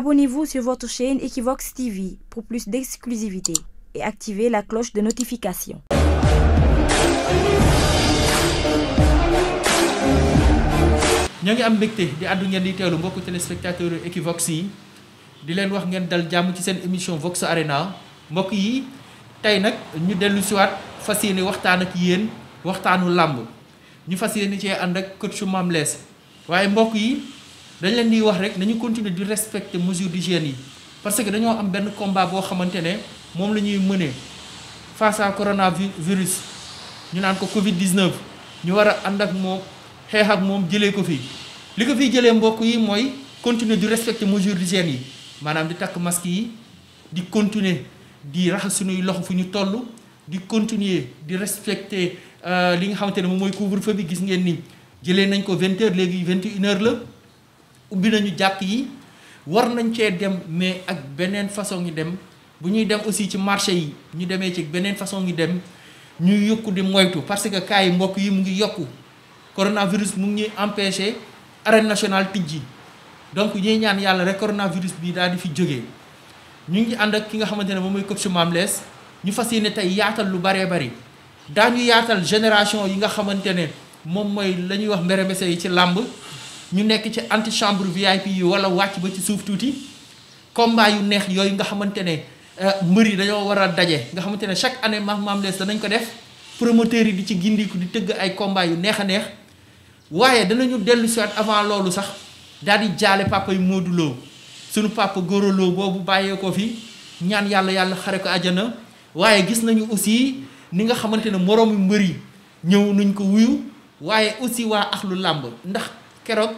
Abonnez-vous sur votre chaîne Equivox TV pour plus d'exclusivité et activez la cloche de notification. ñoo ngi am mbégte di àddu ngeen di teewlu mbokku téléspectateur Equivox yi di leen wax ngeen dal jàmm ci seen émission Vox Arena mbokk yi tey nag ñu dellu siwaat fas yéene waxtaan ak yéen waxtaanu làmb ñu fas yéene cee ànd ak coach Mame Less waaye mbokk yi. dañ leen di wax rek nañu continuer di respecter mesures d'hygiène yi parce que dañoo am benn combat boo xamante ne moom la ñuy mënee face à coronavirus ñu naan ko Covid 19 ñu war a ànd ak moom xeex ak moom jëlee ko fii li ko fi jëlee mbokk yi mooy continuer di respecter mesures d'hygiène yi maanaam di takk masque yi di continuer di raxas suñuy loxo fu ñu toll di continuer di respecter euh, li nga xamante ne moom mooy couvre-feu bi gis ngeen nii jëlee nañ ko 20 heures léegi 21 heures la. ubbi nañu jàkk yi war nañ cee dem mais ak beneen façon ñu dem bu ñuy dem aussi ci marché yi ñu demee ci beneen façon ñu dem ñuy yokku di moytu parce que cas yi mbokk yi mu ngi yokku coronavirus mu ngi ñuy empêché national nationale tijji donc ñuy ñaan yàlla rek coronavirus bi daal di fi jógee ñu ngi ànd ak ki nga xamante ne moom mooy coach Mame Less ñu fas yéene tey yaatal lu baree bari daañu yaatal génération yi nga xamante ne moom mooy la ñuy wax mbéremese yi ci làmb ñu nekk ci antichambre VIP yi wala wàcc ba ci suuf tuuti combat yu neex yooyu nga xamante ne euh, mbër yi dañoo war a daje nga xamante ne chaque année maam maam lees danañ ko def promoteurs yi di ci gindiku di tëgg ay combat yu neex a neex waaye danañu dellu si waat avant loolu sax daal di jaale papa yu Modou sunu papa Gora Lo boobu bàyyee ko fi ñaan yàlla yàlla xare ko àjjana waaye gis nañu aussi ni nga xamante ne moroomi mbër yi ñëw nuñ ko wuyu waaye aussi waa axlu làmb ndax keroog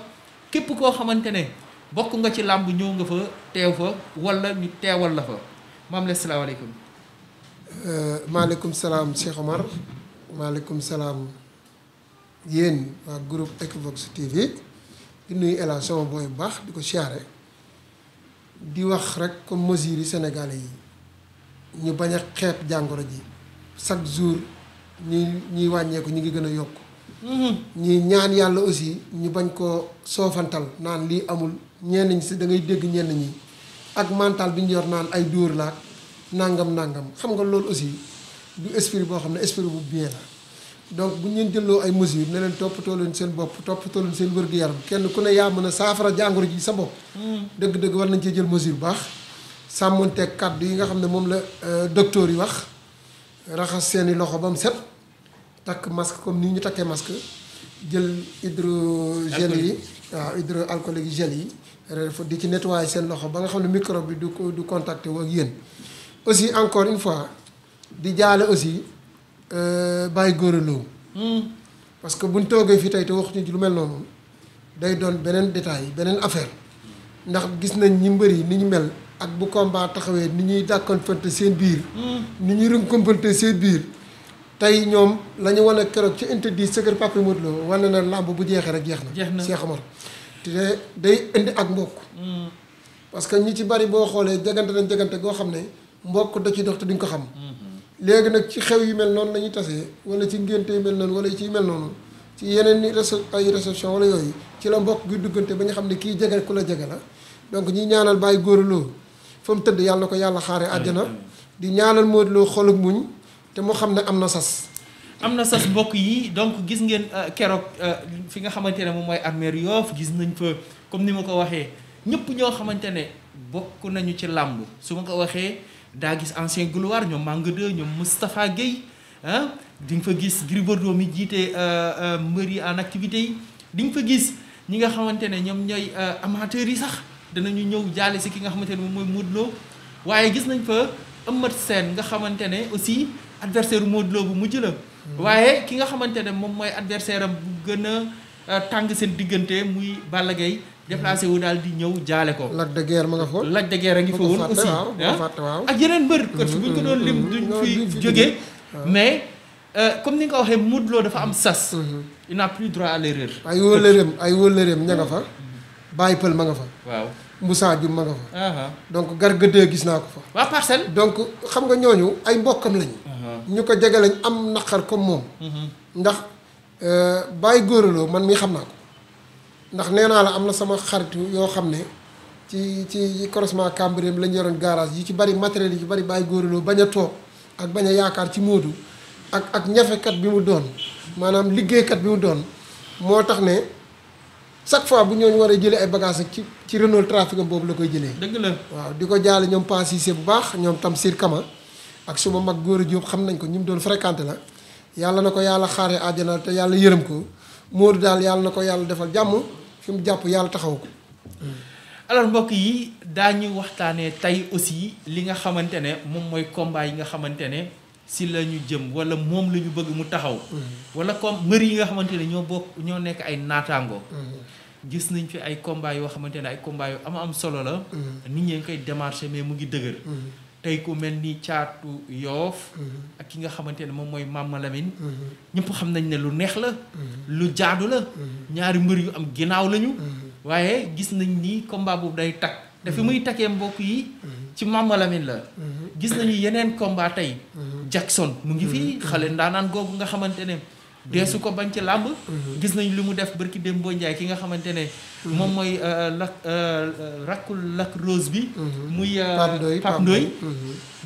képp koo xamante ne bokk nga ci làmb ñëw nga fa teew fa wala ñu teewal la fa maam la salaamaaleykum. Euh, maaleykum salaam Cheikh Omar maaleykum salaam yéen waa groupe Equivox TV di nuyu El Hadj sama booy bu baax di ko siyaare di wax rek comme mesures yi yi ñu bañ a xeeb jàngoro ji chaque jour ñuy ñuy wàññeeku ñu ngi gën a yokk. ñii ñaan yàlla aussi ñu bañ ko soofantal naan lii amul ñeen ñi si da ngay dégg ñenn ñi ak mental bi ñu yor naan ay dóor laak nangam nangam xam nga loolu aussi du esprit boo xam ne esprit bu bien la bu ñu leen ay mesures ne leen toppatoo leen seen bopp toppatoo leen seen wér yaram kenn ku ne yaa mën a saafara jàngoro ji sa bopp. dëgg-dëgg war nañ cee jël mesure bu baax sàmmonteeg kàddu yi nga xam ne moom la euh, docteur yi wax raxas seeni loxo bam set. takk masque comme ni ñu takkee masque jël hydrogel yi waaw hydroalcoolique gel yi dafa di ci nettoyer seen loxo ba nga xam ne microbe bi du ko du contacté wu ak yéen aussi encore une fois di jaale aussi euh, bàyyi góor hmm. parce que buñ toogee fii tey te waxuñu lu mel noonu day doon beneen détail beneen affaire ndax gis nañ ñi mbër yi ni ñu mel ak bu combat taxawee ni ñuy dàkkoon fënte seen biir hmm. ni ñuy rënkompante seen biir tey ñoom la ñu wane keroog ci interdit sa kër Papa Modou Lo wane na làmb bu jeexee rek jeex na. jeex na Cheikh te day indi ak mbokk. Mm. parce que ñi ci bari boo xoolee jagante nañ jagante goo xam ne mbokk da ci dox te duñ ko xam. Mm-hmm. léegi nag ci xew yu mel noonu lañuy tasee wala ci ngénte yu mel noonu wala ci mel noonu ci yeneen i ay réception wala yooyu ci la mbokk gi duggante ba ñu xam ne kii jege ku la jege la donc ñi ñaanal bàyyi góor loo fa mu tëdd yàlla ko yàlla xaaree àjjana di ñaanal Modou Lo xolug muñ te moo xam ne am na sas. am na sas mbokk yi donc gis ngeen euh, keroog euh, fi nga xamante ne moom mooy armeer Yoff gis nañ fa comme ni ma ko waxee ñëpp ñoo xamante ne bokk nañu ci làmb su ma ko waxee daa gis ancien gloire ñoom Manga 2 ñoom Moustapha Guèye ah di nga fa gis Gris Bordeaux mi jiite euh, mbër yi en activité yi di nga fa gis ñi nga xamante ne ñoom ñooy amateurs yi sax danañu ñëw jaale si ki nga xamante ne moom mooy Modou waaye gis nañ fa Eumeu Sène nga xamante ne aussi. adversaire Modou Lo bu mujj la. waaye ki nga xamante ne moom mooy adversaire am bu gën a euh, tàng seen diggante muy Balla Gaye déplacé wu daal di ñëw jaale ko. Lac de Guiers ma nga foofu. Lac de Guiers a ngi fa woon aussi ah. ak yeneen mbër. Mm-hmm, coach bu ñu ko doon lim duñ mm-hmm. fi jógee. mais euh, comme ni nga ko waxee Modou Lo dafa am sas. Mm-hmm. il n'a plus droit à l'erreur. ay wóolëreem ay wóolëreem ña nga fa. bàyyi pël ma nga fa waaw. Moussa Dioum ma uh-huh. donc gar donc gis naa ko fa. waa parcelle. donc xam nga ñooñu ay mbokkam lañu. Uh-huh. ñu ko jege lañ am naqar comme moom. Uh-huh. ndax euh, bàyyi góoraloo man mii xam naa ko ndax nee naa la am na sama xaritu yoo xam ne ci ci croisement Cambérène lañ yoroon garage yi ci bari matériel yi ci bari bàyyi góoraloo bañ a toog ak bañ a yaakaar ci Moodu ak ak ñafekat bi mu doon maanaam liggéeykat bi mu doon moo tax ne. chaque fois bu ñooñu war a jëlee ay bagages ak ci ci Renault boobu la koy jëlee. dëgg la waaw di ko jaale ñoom Pansissé bu baax ñoom Tamsir Kama ak suma mag góor a Diop xam nañ ko ñu mu doon fréquenté la yàlla na ko yàlla xaaree àjjana te yàlla yërëm ko Modou daal yàlla na ko yàlla defal jàmm fi mu jàpp yàlla taxaw ko. alors mbokk yi daañu waxtaanee tey aussi li nga xamante ne moom mooy combat yi nga xamante ne. si la ñu jëm wala moom la ñu bëgg mu taxaw. Mm-hmm. wala comme mbër yi nga xamante ne ñoo bokk ñoo nekk ay naataango. Mm-hmm. gis nañ fi ay combat yoo xamante ne ay combat yu am am solo la. Mm-hmm. nit ñi ngi mu ngi dëgër. tey ku mel ni caatu ak ki nga xamante ne moom mooy Mama ñëpp xam nañ ne lu neex la. lu jaadu la. ñaari mbër yu am ginnaaw lañu. waaye gis nañ ni combat boobu day takk. te fi muy takkee mbokk yi. ci Mama Lamine la. gis nañu yeneen combat tey. Jackson mu ngi fii mm-hmm. xale ndaanaan googu nga xamante ne deesu ko bañ ci làmb mm-hmm. gis nañ li mu def bërki dem njaay ki nga xamante ne mm-hmm. moom mooy euh, lak euh, rakkul lak rose bi muy euh, Pape Ndoye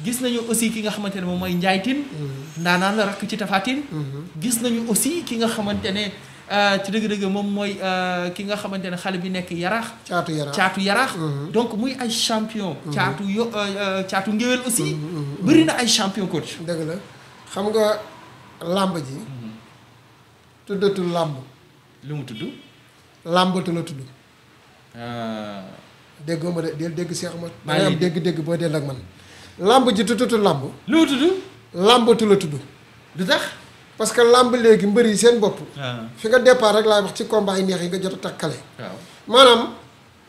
gis nañu aussi ki nga xamante ne moom mooy njaaytin ndaanaan la rakk ci tafaatin gis nañu aussi ki nga xamante ne Euh, ci dëgg-dëgg moom mooy euh, ki nga xamante ne xale bi nekk yaraax. caatu yaraax caatu yaraax. Mm-hmm. donc muy ay champion. Mm-hmm. caatu yo euh, caatu ngéwél aussi. Mm-hmm, bëri na ay champion coach. dëgg la xam nga làmb ji. tuddatul làmb. lu mu tudd. làmbatu la tudd. déggoo ma de dégg Cheikh Ahmad. maa ngi dégg-dégg boo dell ak man. làmb ji tuddatul làmb. lu mu tudd. du tax. parce que làmb léegi mbëri yi seen bopp. Ah. fi nga départ rek laay wax ci combat yi neex yi nga jot a takkale. maanaam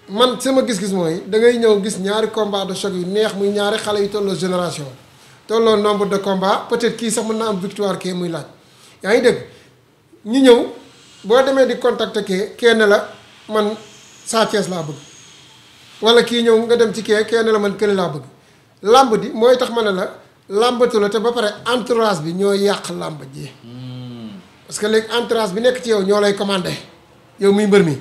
man sama gis-gis mooy da ngay ñëw gis ñaari combat de choc yu neex muy ñaari xale yu tolloo génération tolloo nombre de combat peut-être kii sax mën naa am victoire kee muy laaj yaa ngi dégg ñu ñëw boo demee di contacter kee kenn la man Sa Thiès laa bëgg wala kii ñëw nga dem ci kee kenn la man kële laa bëgg làmb di mooy tax ma ne la. làmbatu la te ba pare entourage bi ñoo yàq làmb ji. parce que léegi entourage bi nekk ci yow ñoo lay commandé yow muy mbër mi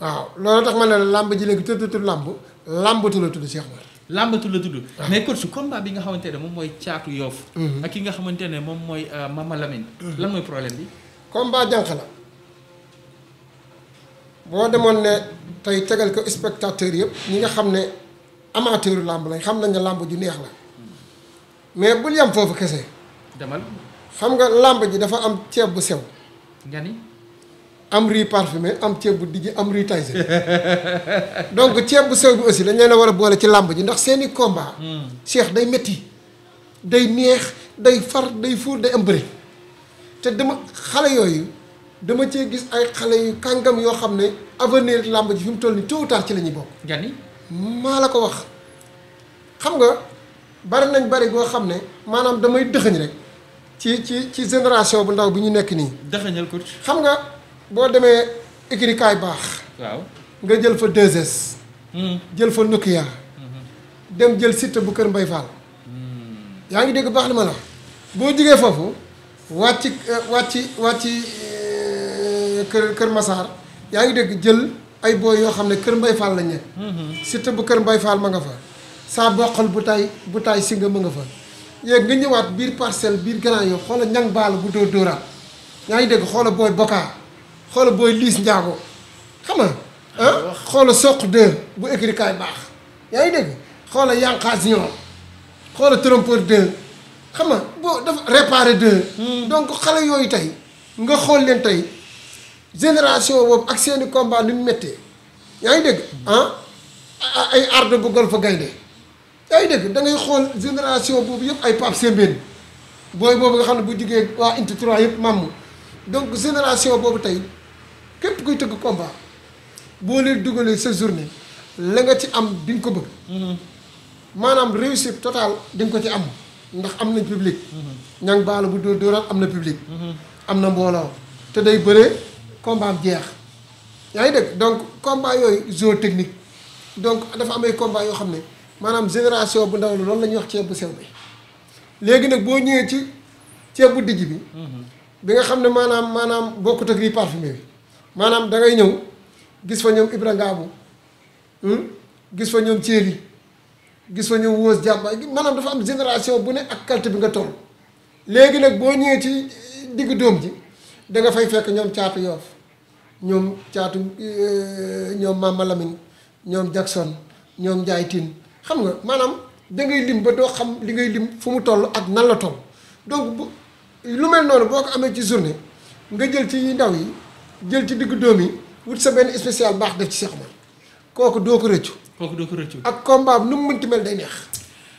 waaw loolu tax ma ne la làmb ji léegi tuddatul làmb làmbatu la tudd Cheikh Mar. làmbatu la tudd. Ah. mais kon su bi nga xamante ne moom mooy caatu yoof mhm. ak ki nga xamante ne moom mooy euh, Mama Lamine. Mhm. lan mooy problème bi. baa jànq la boo demoon ne tey tegal ko spectateur yëpp ñi nga xam ne amateur làmb lañ xam nañ ne làmb ju neex la. mais bul yam foofu kese. demal xam nga làmb ji dafa am ceeb bu sew. nga ni. am riz parfumé am ceeb bu dijji am riz taysé donc ceeb bu sew bi aussi dañ leen a war a boole ci làmb ji ndax seeni combat. Hmm. Cheikh day métti day neex day far day fuur day am bëri te dama xale yooyu dama cee gis ay xale yu kàngam yoo xam ne avenir làmb ji fi mu toll ni tôt ou ci lañuy ñuy bokk. maa la ko wax xam nga. bari nañ bari goo xam ne maanaam damay dëxëñ rek ci ci ci génération bu ndaw bi ñu nekk nii. dëxëñal ko xam nga boo demee écrit kaay baax. waaw nga jël fa 2 hmm. jël fa Nokia. Hmm. dem jël site bu Kër Mbay faal hmm. yaa ngi dégg baax li ma la boo jigee foofu wàcc wàcc wàcc eh, kër Kër Massar yaa ngi dégg jël ay booy yoo xam ne Kër Mbay Fall lañ nekk. site bu Kër Mbay Fall ma nga fa. saa boqal bu butaay bu si nga mën nga fa yéeg nga ñëwaat biir parcelle biir Grand Yoff xoola ñang baala bu dóor dóoraat yaa ngi dégg xoola booy bokaa xoola booy liis njaago xam nga ah xoola soq deux bu écrikaay baax yaa ngi dégg xoola yanqaas xoola trompeur deux xam nga boo dafa réparé deux hmm. donc xale yooyu tey nga xool leen tey génération boobu ak seeni combat ni mu méttee yaa ngi dégg ah, ay arde bu gol fa gaynde yaa ngi dégg da ngay xool génération boobu yëpp ay Pape Sembène booy boobu nga xam ne bu jugee waa Inti 3 yëpp maam donc génération boobu tey képp kuy tëgg combat boo leen dugalee sa journée la nga ci am di nga ko bëgg. Mhm. maanaam réussite totale di nga ko ci am ndax am na public. Mhm. ñang baala bu dóor dóoraat am na public. Mhm. am na mbooloo te day bëree combat am jeex. yaa ngi dégg donc combat yooyu zone technique donc dafa am ay combat yoo xam ne. maanaam génération bu ndaw la loolu la ñuy wax ceeb bu sew bi léegi nag boo ñëwee ci ceeb bu dijj bi bi nga xam ne maanaam maanaam bokkut ak yi parfumé bi maanaam da ngay ñëw gis fa ñoom Ibra Ngaabu hmm, gis fa ñoom Thierry gis fa ñoom Wose Diaba maanaam dafa am génération bu ne ak qualité bi nga toll léegi nag boo ñëwee ci diggu doom ji da nga fay fekk ñoom caatu yoof ñoom caatu eh, ñoom Mama Lamine ñoom Jackson ñoom Njaay Tine xam nga maanaam da ngay lim ba doo xam li ngay lim fu mu toll ak nan la toll donc bu lu mel noonu boo ko amee ci journée nga jël ci ndaw yi jël ci diggu doom yi wut sa benn spécial baax def ci Cheikh Omar kooku doo ko rëccu. kooku doo ko rëccu. ak combat nu mu mënti mel day neex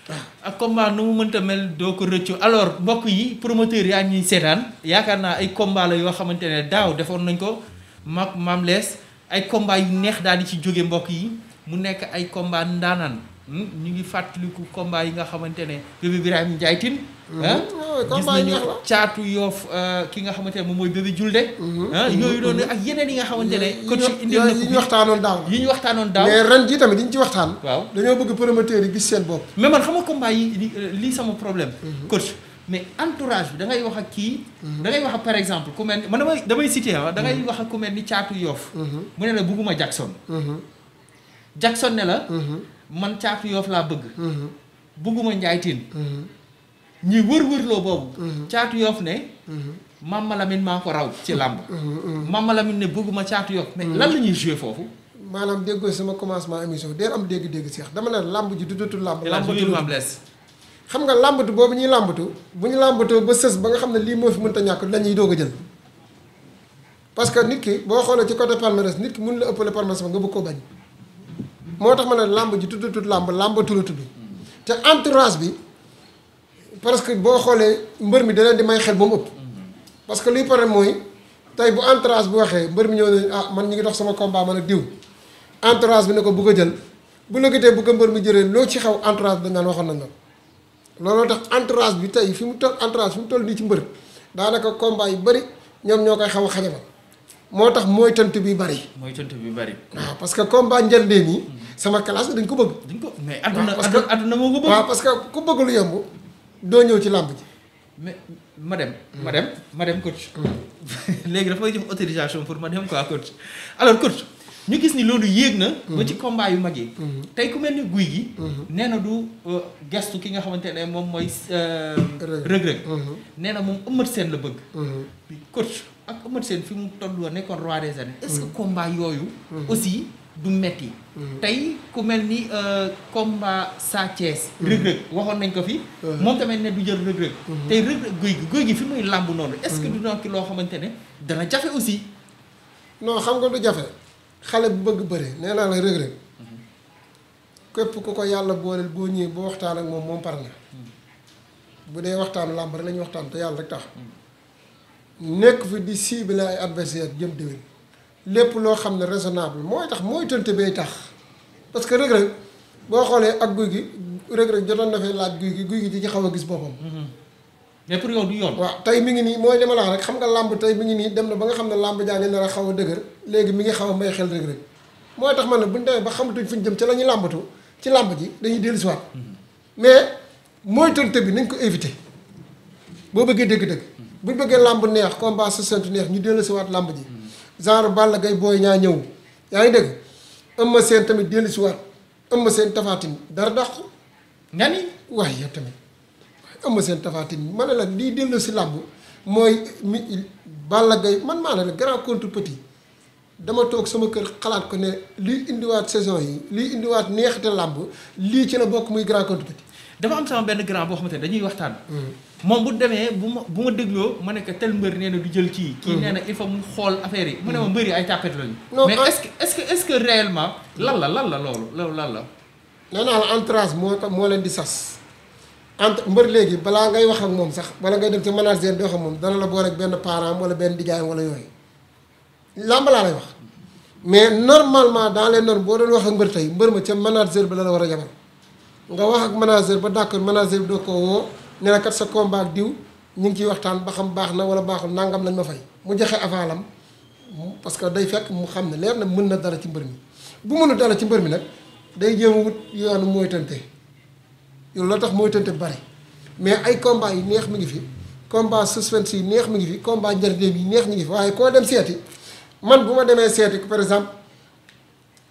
waaw. ak combat nu mu mënta mel doo ko rëccu alors mbokk yi promoteur yaa ñuy seetaan yaakaar naa ay combat la yoo xamante ne daaw defoon nañ ko mag maam lees ay combat yu neex daal di ci jóge mbokk yi mu nekk ay combat ndaanaan. Hmm? ñu ngi fàttaliku combat yi nga xamante ne bébé Birahim Ndiaye Tine hmm, ah? gis nañu caatu yoof euh, ki nga xamante ne moom mooy bébé Julde hmm, ah? yooyu noonu ak yeneen yi nga xamante ne ko ñu waxtaanoon daaw yi ñu waxtaanoon daaw ren jii tamit yi waxtaan waaw dañoo bëgg promoteurs yi gis seen bopp mais man xam nga combat yi sama problème coach mais entourage da ngay wax ak kii da ngay wax par exemple ku mel ni man damay damay cité ah da ngay wax ak ku mel ni caatu yoof mu ne la bugguma Jackson Jackson ne la man caatu yoof laa bëgg mm-hmm. bëgguma njaay tiin mm-hmm. ñuy wër-wërloo boobu mm-hmm. caatu yoof ne Mama Lamine maa ko raw ci làmb Mama Lamine ne bëgguma caatu yoof mais lan la ñuy joué foofu maanaam déggoo sama commencement émission deer am dégg-dégg seex dama ne làmb ji du dutul làmb xam nga làmbatu boobu ñuy làmbatu bu ñu làmbatoo ba sës ba nga xam ne lii moo fi mënta ñàkk dañuy doog a jël parce que nit ki boo xoolee ci côté palmarès nit ki mun la ëppale palmarès ba nga bëgg koo bañ moo tax ma ne làmb ji tudd tudd làmb làmbatul a tudd te entourage bi parce que boo xoolee mbër mi da di may xel ba mu ëpp. parce que luy problème mooy tey bu entourage bi waxee mbër mi ñoo nañ ah man ñu ngi dox sama combat man ak diw entourage bi ne ko bëgg a jël bu lëkkatee bu ko mbër mi jëree loo ci xaw entourage bi dañ naan waxoon nañ la looloo tax entourage bi tey fi mu toll entourage fi mu toll nii ci mbër daanaka combat yu bëri ñoom ñoo koy xaw a xajamal moo tax moytantu bi bari. moytantu bi bari. waaw parce que combat njëlbeen yi. Mm-hmm. sama classe dañ ko bëgg. dañ ko mais adduna adduna moo ko bëgg. waaw parce que ku bëgg lu yomb doo ñëw ci làmb ji. mais ma dem. Mm. ma dem ma dem coach. Mm. léegi dafa may jox autorisation pour ma dem quoi coach alors coach ñu gis ni loolu yéeg na. ba ci mm-hmm. combat yu mag yi. Mm-hmm. tey ku mel ni guy gi. nee na du euh, gestu ki nga xamante ne moom mooy. Euh, rëg rëg nee na moom ëmmat seen la bëgg. coach. ak Eumeu Sène fi mu toll woon nekkoon roi des arènes. est-ce que mm. combat yooyu. Mm-hmm. aussi du metti mm-hmm. tey ku mel ni euh, combat Sa Thiès. Mm-hmm. rëg-rëg waxoon nañ ko fi. moom tamit ne du jël rëg-rëg. tey rëg-rëg guy gi gi fi muy làmb noonu. est-ce que du doon loo xamante ne dana jafe aussi. noo xam nga du jafe xale bu bëgg bëri nee naa la rëg-rëg képp ku ko yàlla booleel boo ñëwee boo waxtaan ak moom moom par na bu dee waxtaanu làmb rek la waxtaan te yàlla rek tax. nekk fi di ciblé ay adversaire jëm déwén lépp loo xam ne raisonnable mooy tax mooy tënte bay tax parce que Reug boo xoolee ak guy gi Reug Reug na fee laaj guy guy gi di ci xaw a gis boppam. Mm-hmm. mais pour yow du yoon. waaw mi ngi nii mooy li ma rek xam nga làmb tey bi ngi nii dem na ba nga xam ne làmb jaa ngi nar xaw a dëgër léegi mi ngi xaw a may xel Reug Reug moo tax man ne bu demee ba xamatuñ fu ñu jëm ci la ñuy làmbatu ci làmb ji dañuy dellusiwaat mm-hmm. mais mooy tënte bi nañ ko éviter boo bëggee dëgg-dëgg. bu ñu bëggee làmb neex combat soixante neex ñu dellusiwaat làmb ji genre Balla gay booy ñaa ñëw yaa ngi dégg Eumeu Sène tamit dellusiwaat Eumeu Sène seen Tine dara dàq nga ni waaye yow tamit Eumeu seen Tapha Tine ma ne la lii dellu si làmb mooy mi Balla gay man maa ne la grand contre petit dama toog sama kër xalaat ko ne lii indiwaat saison yi lii indiwaat neexte làmb lii ci la bokk muy grand contre petit dama am sama benn grand boo xam ne dañuy waxtaan. Hmm. moom bu demee bu ma bu ma dégloo ma nekk tel mbër nee na du jël kii. kii hmm. nee na il faut mu xool affaire yi. mu ne ma hmm. mbër yi ay tàppet lañu. mais est-ce que est-ce que est-ce que réellement la lan la loolu loolu lan la. moo leen di sas. ant mbër léegi balaa ngay wax ak moom sax wala ngay dem ci manager di wax ak moom dana la boole rek benn parent wala benn dijaayam wala yooyu. làmb laa lay wax mais normalement dans les normes boo doon wax ak mbër tey mbër ma ca manager la la war a yabal. nga wax ak manager ba d'accord manager bi doo ko woo ne sa combat diw ñu ngi ciy waxtaan ba xam baax na wala baaxul nangam lañ ma fay mu joxe avalam parce que day fekk mu xam ne leer na mën na dara ci mbër mi bu mënul dala ci mbër mi nag day jéem a wut yoonu mooy tënte yow tax mooy tënte bari mais ay combat yi neex mi ngi fi combat suspense yi neex mi ngi fi combat njëriñ yi neex mi ngi fi waaye koo dem seeti man bu ma demee seeti par exemple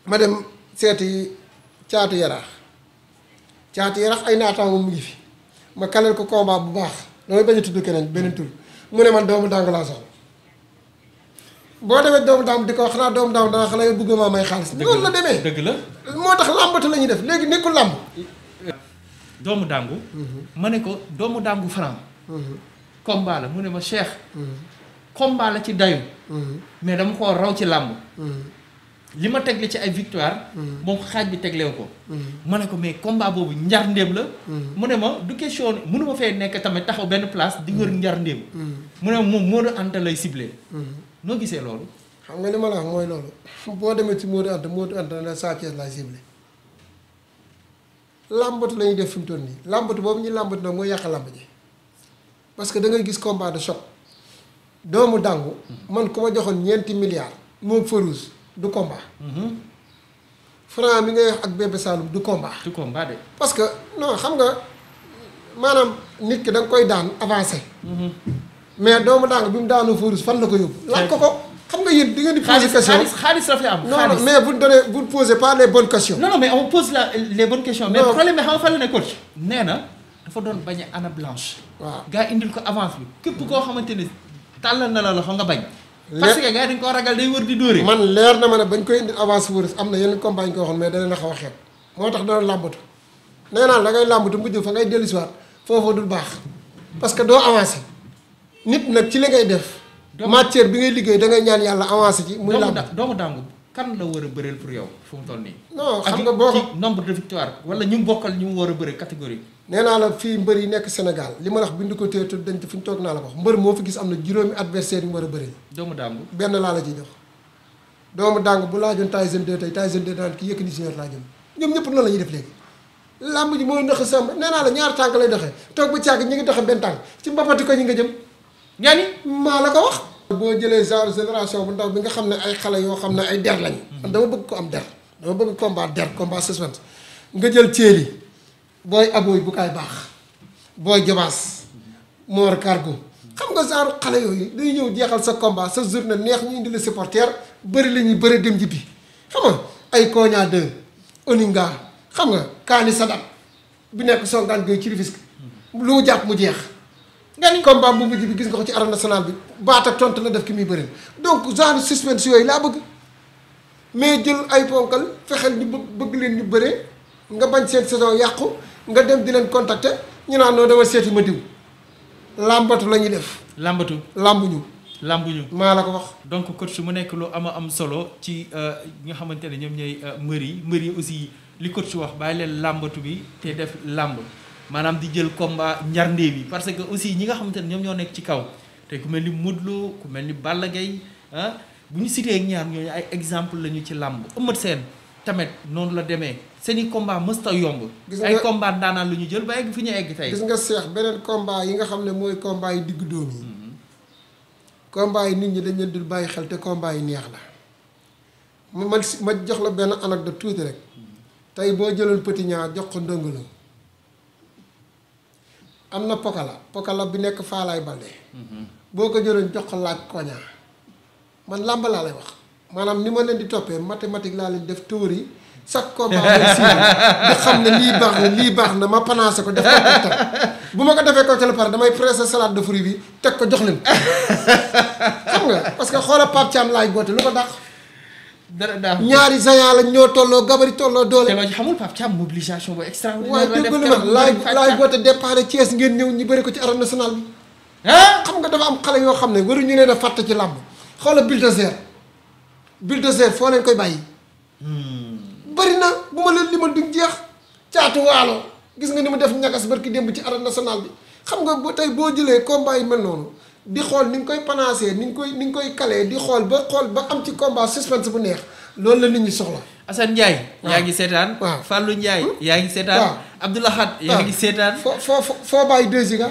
ma dem seeti caatu yaraax caatu yarax ay naataangoo mu ngi fi ma kaleel ko combat bu baax damay bañ a tudd keneen beneen tur mu ne man doomu dàngu laa soxla boo demee doomu daam di ko xanaa doomu daam dana xale bugg maa may xaalis. loolu la demee dëgg la moo tax làmbatu la ñuy def léegi nekkul làmb. doomu dàngu. Mm-hmm. ma ne ko doomu dàngu franc. Mm-hmm. combat mu ne ma cheikh. Mm-hmm. combat la ci dayu. mais dama koo raw ci làmb. li ma tegle ci ay victoire. moom xaaj bi teglewu ko. ma ne ko mais combat boobu njar ndéem la. mu ne ma du question mënu ma fee nekk tamit taxaw benn place di wër njar ndéem. mu ne ma moom Modou Anta lay ciblé. noo gisee loolu. xam nga li ma mooy loolu boo demee ci Modou Anta Modou Anta la Sa Thiès lay ciblé. làmbatu la def fi mu toll nii làmbatu boobu ñuy làmbatu nag mooy yàq làmb ji parce que da ngay gis combat de choc. doomu dàngu man ku ma joxoon ñeenti milliards moom Farouz. du combat. Mhm. Franc mi nga wax ak Bébé saalum du combat. du combat de. parce que non xam nga maanaam nit ki da nga koy daan avancé. Mhm. mais doomu daanga bi mu daanoo Forus fan la ko yóbbu. laaj ko ko xam nga yéen di ngeen di. poser question bu donné bu posez pas les bonnes questions. non non mais on pose la les xam nga fan la nee na dafa doon bañ a ana blanche. waaw gars indil ko avance bi képp koo xamante ni tàllal na la loxo nga bañ. parce que yi dañ koo ragal day wër di dóore man leer na a ne bañ koy indi avance wëris am na yeneen campagne ko waxoon mais dana la xaw a xeet moo tax dana làmbatu nee naa da ngay làmbatu mujj fa ngay dellusiwaat foofu dul baax parce que doo avance nit nag ci la ngay def matière bi ngay liggéey dangay ñaan yàlla avancé ci muy doo doomu dàngu kan la war a bëreel pour yow fu mu toll nii non xam nga boo ko nombre de victoire wala ñu bokkal ñu mu war a bëre catégorie nee naa la fii mbër yi nekk Sénégal li ma wax bind ko téye dañ fi ñu toog naa la ko wax mbër moo fi gis am na juróomi adversaire yu war a bëri. doomu dàngu benn laa la ciy jox. doomu dàngu bu laajoon Tyson 2 tey Tyson 2 daan ki Yékini laa jëm ñoom ñëpp noonu la ñuy def léegi. làmb ji mooy ndax nee naa la ñaar tànk lay doxee toog ba càgg ñi ngi doxee benn tànk ci mbapati ko ñi nga jëm. ñani maa la ko wax. boo jëlee genre génération bu ndaw bi nga xam ne ay xale yoo xam ne ay der lañu. Hmm. dama bëgg ko am der dama bëgg combat der combat suspense nga jël ceeli booy abooy bu kaay baax booy jobaas moor cargo xam nga saaru xale yooyu day ñëw jeexal sa combat sa journée neex ñu indi la supporter bëri la ñuy bëri dem jibbi xam nga ay Koña 2 Oninga xam nga Kaani sa Sadat bi nekk songaan gay ci Rufisque lu mu jàpp mu jeex nga ni combat bu mujj gis nga ko ci arène nationale bi baat ak tontu la def ki muy bëri donc genre suspense yooyu laa bëgg mais jël ay ponkal fexeel ñu bëgg leen ñu bari nga bañ seen saison yàqu nga dem di leen contacter ñu naan noo dama seeti ma diw làmbatu la ñuy def. làmbatu làmbuñu. làmbuñu maa la ko wax. donc su mu nekk lu ama am solo ci euh, ñi nga xamante ne ñoom ñooy euh, mbër yi mbër yi aussi li coach wax bàyyi làmbatu bi def làmb maanaam di jël combat njarndee bi parce que aussi ñi nga xamante ne ñoom ñoo nekk ci kaw te ku mel ni Modou loo ku mel ni Balla Gaye ah bu ñu cité ak ñaar ñooñu ay exemple lañu ci làmb Eumeu Sène tamit noonu la demee seen i combat mësta yomb ay combat daanaan lu ñu jël ba egg fi ñu egg tey gis nga seex beneen combat yi nga xam ne mooy combat yi diggu dóom yi mm-hmm. combat yi nit ñi dañ leen dul bàyyi xel te combat yi neex la ma ma jox la benn anecdote tuuti rek mm-hmm. tey boo jëloon petit ñaar jox ko ndëngalo am na pokala pokala bi nekk faalaay balde mm-hmm. boo ko jëloon jox ko laaj koñaa man làmb laa lay wax maanaam ni ma leen di toppee mathématique laa leen def théorie chaque combat day suivi di xam ne lii baax na lii baax na ma panacé ko def ko cocktail bu ma ko defee cocktail pare damay pressé salade de fruits bi teg ko jox leen xam nga parce que xoola Pape Thiam laay goote lu ko dàq. dara daaw ñaari zayan lañ ñoo tolloo gabari tolloo doole. te loo ci xamul Pape Thiam mobilisation bu extraordinaire. waaw dégg nga laay laay goote départ Thiès ngeen ñëw ñu bëri ko ci arène nationale bi. xam nga dafa am xale yoo xam ne waruñu leen a fàtte ci làmb xoola bulldozer. bulldozer foo leen koy bàyyi. Hmm. bari na bu ma leen limal duñ jeex caatu waalo gis nga ni mu def ñagas barki démb ci arène nationale bi xam nga ba tey boo jëlee combat yi mel noonu di xool ni nga koy panacé ni nga koy ni nga koy calee di xool ba xool ba am ci combat suspense bu neex loolu la nit ñi soxla. Assane Ndiaye. yaa ngi seetaan. waaw Fallou Ndiaye. Hmm? yaa ngi seetaan waaw Abdoulahad. yaa ngi seetaan foo foo foo bàyyi deux giga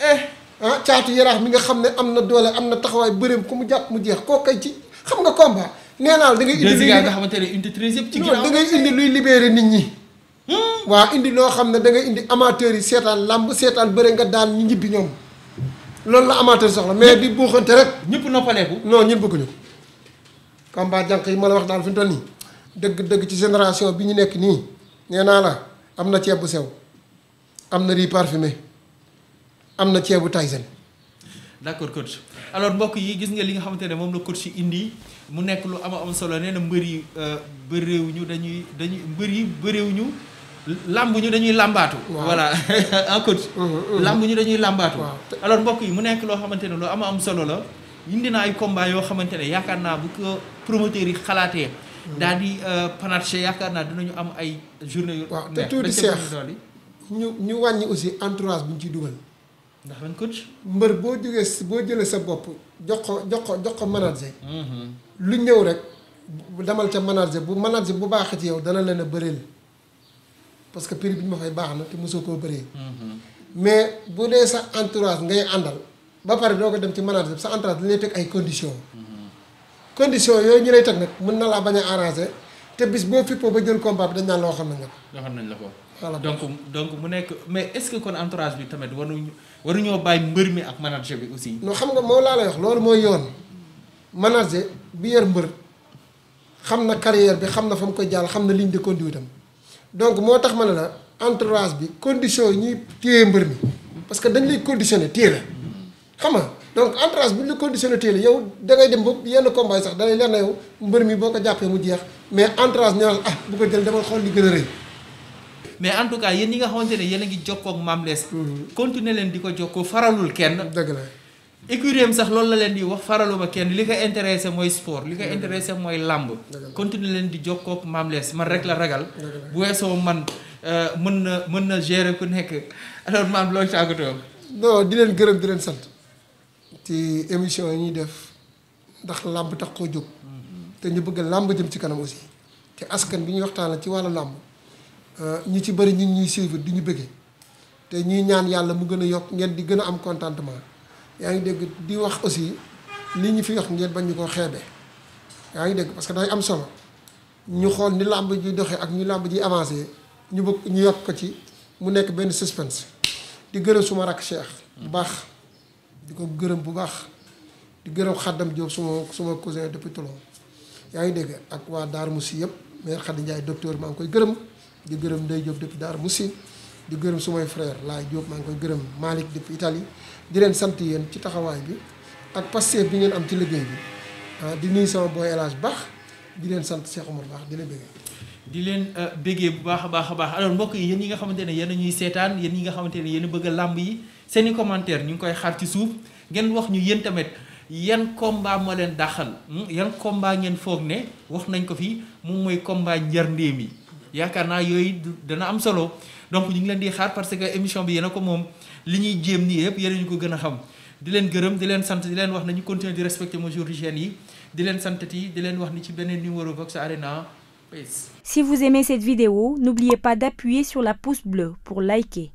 eh ah caatu yaraax mi nga xam ne am na doole am na taxawaay bëreem ku jàpp mu jeex koo kay ci. xam nga combat nee naa da ngay indi. luy nga xamante ne unité 13 yëpp ci ginnaaw da ngay indi luy libéré nit ñi. Hmm? waa indi loo xam ne da indi amateur yi seetaan làmb seetaan bëre nga daan ñu ñibbi ñoom loolu la amateur soxla mais bi buuxante rek. ñëpp noppaleeku. noo ñun bëgguñu ko. combat jànq yi ma la wax daal fi mu toll nii dëgg-dëgg ci génération bi ñu nekk nii nee naa la am na ceeb bu sew am na riz parfumé am na ceebu Tyson. d'accord coach. alors mbokk yi gis nga li nga xamante ne moom la coach indi mu nekk lu am am solo nee na mbër yi euh, bëréewuñu ñu dañuy mbër yi bëréewuñu làmb ñu dañuy làmbaatu voilà en coach mm-hmm, mm-hmm. làmb ñu dañuy làmbaatu alors mbokk yi mu nekk loo xamante ne lu am am solo la indi na ay combat yoo xamante ne yaakaar naa bu ko promoteurs yi xalaatee mm-hmm. daal di euh, panaché yaakaar naa dinañu am ay journée yu waaw te tuuti seex ñu ñu wàññi aussi entourage bu ñu ciy dugal ndax man coach mbër boo jógee boo jëlee sa bopp jox ko jox ko jox ko manager mm-hmm. lu ñëw rek demal ca manager bu manager bu baax ci yow dana leen a bëreel parce que prix bi ñu ma fay baax na te mosoo koo bëree. Mm-hmm. mais bu dee sa entourage ngay àndal ba pare doo ko dem ci manager sa entourage dañ lay teg ay conditions. Mm-hmm. conditions yooyu ñu lay teg nag mën na laa bañ a arranger te bis boo fippoo ba jël combat bi dañ naan loo xam ne nga. loo xam nañ la ko. mu nekk mais est-ce que bi tamit waruñu. waruñoo bàyyi mbër mi ak manager bi aussi. non xam nga moo laa lay wax loolu mooy yoon manager bi yor mbër xam na carrière bi xam na fa mu ko jàll xam na ligne de conduite am donc moo tax ma ne la entourage bi condition yi ñuy téye mi parce que dañ lay conditionné téye xam nga donc entourage bi ñu la conditionné téye la yow dangay dem ba yenn combat yi sax dalay leer na yow mbër mi boo ko jàppee mu jeex mais entourage nee ah bu ko jël demal xool li gën a rëy. mais en tout cas yéen ñi nga xamante ne yéen ngi jokkoo ak Mame Less mhm. continuer leen di ko jokkoo faralul kenn dëgg la écurie sax loolu la leen di wax faraluma kenn li ko intéressé mooy sport li ko mhm. intéressé mooy làmb continuer leen di jokkoo ak Mame rek la ragal bu weesoo man euh, mën na mën na gérer ku nekk alors maam looy tàggatoo non di leen gërëm di leen sant ci émission yi ñuy def ndax làmb tax koo jóg mhm. te ñu bëgg làmb jëm ci kanam aussi te askan bi ñuy waxtaan la ci wàllu làmb Euh, ñi ci bëri ñu ngi ñuy suivre di ñu bëggee te ñuy ñaan yàlla mu gën a yokk ngeen di gën a am contentement yaa ngi dégg di wax aussi nit ñu fi wax ngeen bañ ñu ko xeebee yaa ngi dégg parce que day am solo ñu xool ni làmb ji doxee ak ñu làmb ji avancé ñu bëgg ñu yokk ko ci mu nekk benn suspense di gërëm suma rakk Cheikh bu baax di ko gërëm bu baax di gërëm xaddam Diop suma suma cousin depuis Toulon yaa ngi dégg ak waa daar Moussi yëpp maire Khady Ndiaye docteur maa ngi koy gërëm di gërëm Ndeye Diop depuis daar Moussi di gërëm sumay frère laa Diop maa ngi koy gërëm Malick depuis Italie di leen sant yéen ci taxawaay bi ak passé bi ngeen am ci liggéey bi ah, di nuyu sama booy El Baax di leen sant Cheikh Omar Baax di leen bëggee. di leen euh, béggee bu baax a baax a baax alors mbokk yi yéen ñi nga xamante ne yéen ñuy seetaan yéen ñi nga xamante ne yéen bëgg a làmb yi seen commentaire ñu ngi koy xaar ci suuf ngeen wax ñu yéen tamit yan kombaa moo leen dàqal hmm? yan combat ngeen foog ne wax nañ ko fi moom mooy combat njarndéem yi yaakaar naa yooyu dana am solo donc ñu ngi leen di xaar parce que émission bi yéen a ko moom li ñuy jéem nii yëpp yéen ñu ko gën a xam di leen gërëm di leen sant di leen wax nañu continuer di respecter mesures d'hygiène yi di leen santati di leen wax ni ci beneen numéro Vox Arena peace. Si vous aimez cette vidéo, n'oubliez pas d'appuyer sur la pouce bleue pour liker.